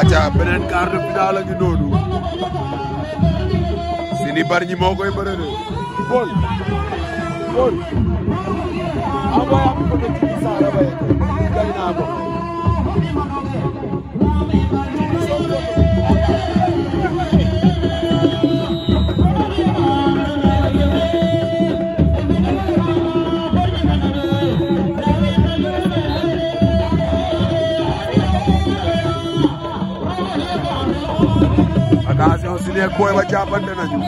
aca beneen quart de finale a ngi noonu Siny Bargny moo koy bëre de bool attention si léegi booy ba jàppante nañu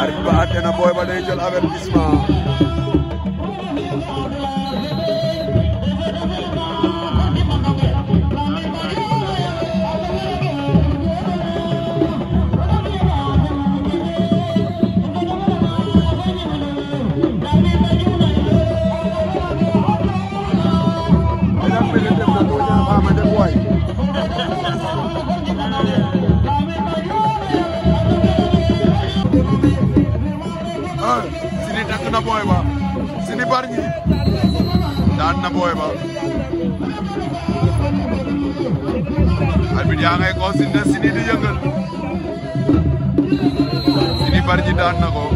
arbitre ba àtte na booy ba day jël avertissement 1 Siny na booy ba Siny Bargny daan na booy ba arbitre yaa ngay ko Siny di yëngal Siny Bargny daan na ko